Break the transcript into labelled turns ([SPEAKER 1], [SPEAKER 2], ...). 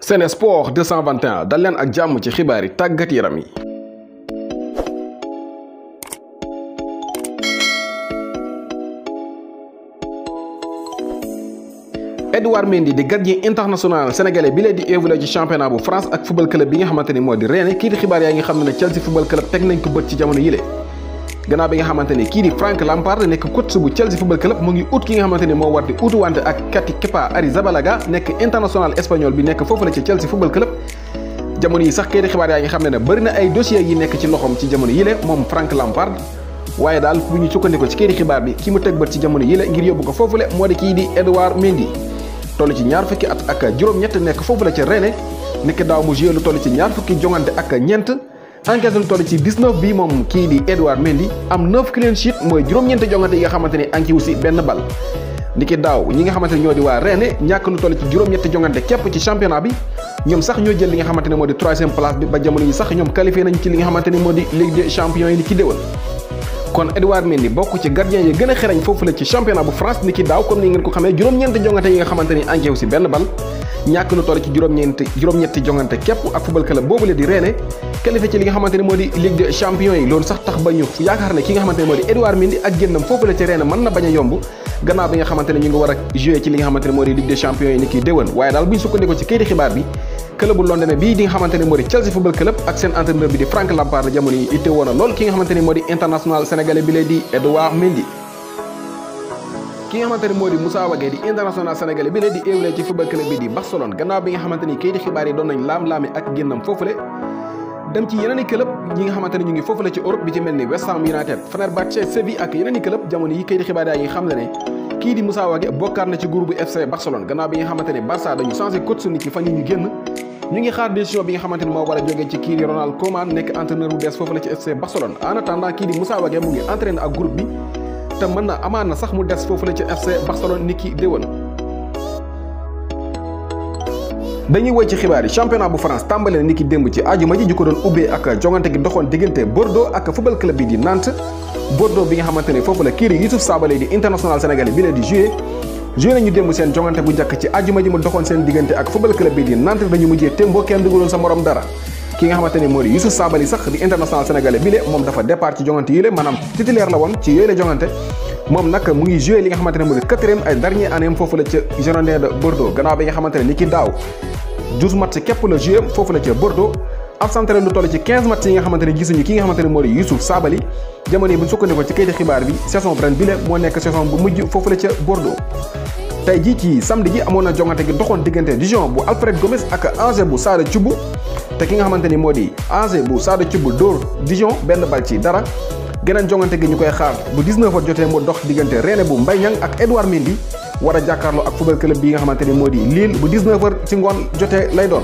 [SPEAKER 1] Sen Sport 221 dal leen ak jàmm ci xibaar yi tàggat yaram yi. Edouard Mendy di gardien international sénégalais bi leen di évolué ci championnat bu France ak football club bi nga xamante ni moo di Rennes kii xibaar yaa ngi xam ne Chelsea football club teg nañ ko bët ci jamono yile. gannaaw bi nga xamantene ki di Frank Lampard nek coach bu Chelsea Football Club mo ngi out ki nga xamantene mo war di utuwante ak Kati Kepa Arrizabalaga nek international espagnol bi nek fofu la ci Chelsea Football Club jamono yi sax di xibaar ya nga xamne na bari na ay dossier yi nek ci loxom ci jamono le mom Frank Lampard waye dal bu ñu ciukandiko ci di xibaar bi ki mu teg bët ci jamono le ngir yobbu ko fofu le modi ki di Edouard Mendy tollu ci ñaar fukki at ak juroom ñett nek fofu la ci René nek daaw mu jëlu tollu ci ñaar fukki jongante ak ñent enquête toll ci 19 bi mom ki di Edouard Mendy am 9 clean sheet moy juroom ñent jongante yi nga xamanteni anki wu si benn bal niki daw ñi nga xamanteni ñoo di wa rené ñak lu toll ci juroom ñetti jongante képp ci championnat bi ñom sax ñoo jël li nga xamanteni modi 3e place bi ba jamono yi sax ñom qualifier nañ ci li nga xamanteni modi Ligue des champions yi ni ki déwal kon Edouard Mendy bokku ci gardien yi gëna a fofu la ci championnat bu France niki daw comme ni ngeen ko xamé juroom ñent jongante yi nga xamanteni anki wu si benn bal ñàkk lu toll ci juróom-ñeenti juróom-ñetti jongante képp ak football club boobule di Rennes qualifié ci li nga xamante moo di ligue des champions yi loolu sax tax ba ñu yaakaar ne ki nga xamante moo di Edouard Mendy ak génnam foofu la ci Rennes mën na bañ a yomb gannaaw bi nga xamante ne ñu ngi war a joué ci li nga xamante moo di ligue des champions yi ni kii waaye daal bu ñu sukkandikoo ci kayiti xibaar bi club londone bi di nga xamante ki nga xamante moo di Moussa Wagué di international sénégalais bi la di évolué ci football club bi di Barcelone gannaaw bi nga xamante ni xibaar yi doon nañ laam-laami ak génnam foofule dem ci yeneen i club yi nga xamante ñu ngi foofu la ci Europe bi ci mel ni West Ham United Fenerbahçe Séville ak yeneen i club jamono yi kayiti xibaar yaa ngi xam le ne kii di Moussa Wagué bokkaat na ci groupe bu FC Barcelone gannaaw bi ngi xaar décision bi nga xamante ne moo war a jógee ci te mën na amaana sax mu des foofu la ci FC Barcelone ni ki déwén dañuy woy ci xibaar yi championnat bu France tàmbale na ni ki démb ci ajuma ji ñu ko doon ubbee ak jongante gi doxoon diggante Bordeaux ak football club bi di Nantes Bordeaux bi nga xamante ne foofu la kii di Youssouf Sabaly di international sénégalais bi la di joué joué nañu démb seen jongante bu njëkk ci ajuma ji mu doxoon seen diggante ak football club bi di Nantes dañu mujjee témboo kenn duguloon ki nga xamante ni moo di sax di international sénégalais bi moom dafa départ ci jongante yi le maanaam la woon ci yooyu la jongante moom nag mu ngi joué li nga xamante ne moo ay dernier année foofu la ca Girondins Bordeaux gannaaw bi nga xamante ne ki daaw 12 match képp la joué foofu la ca Bordeaux absenté leen lu toll ci 15 yi nga xamante ne gisuñu ki nga xamante ne moo di Youssouf bu ñu te ki nga xamante ni moo di Angers bu Sada Thioub dóor Dijon benn bal ci dara geneen jongante gi ñu koy xaar bu 19 heures jotee mu dox diggante Rennes bu mbay Niang ak Edouard Mendy war a jàkkaarloo ak football club bi nga xamante ni moo di Lille bu 19 heures ci ngoon jotee lay doon.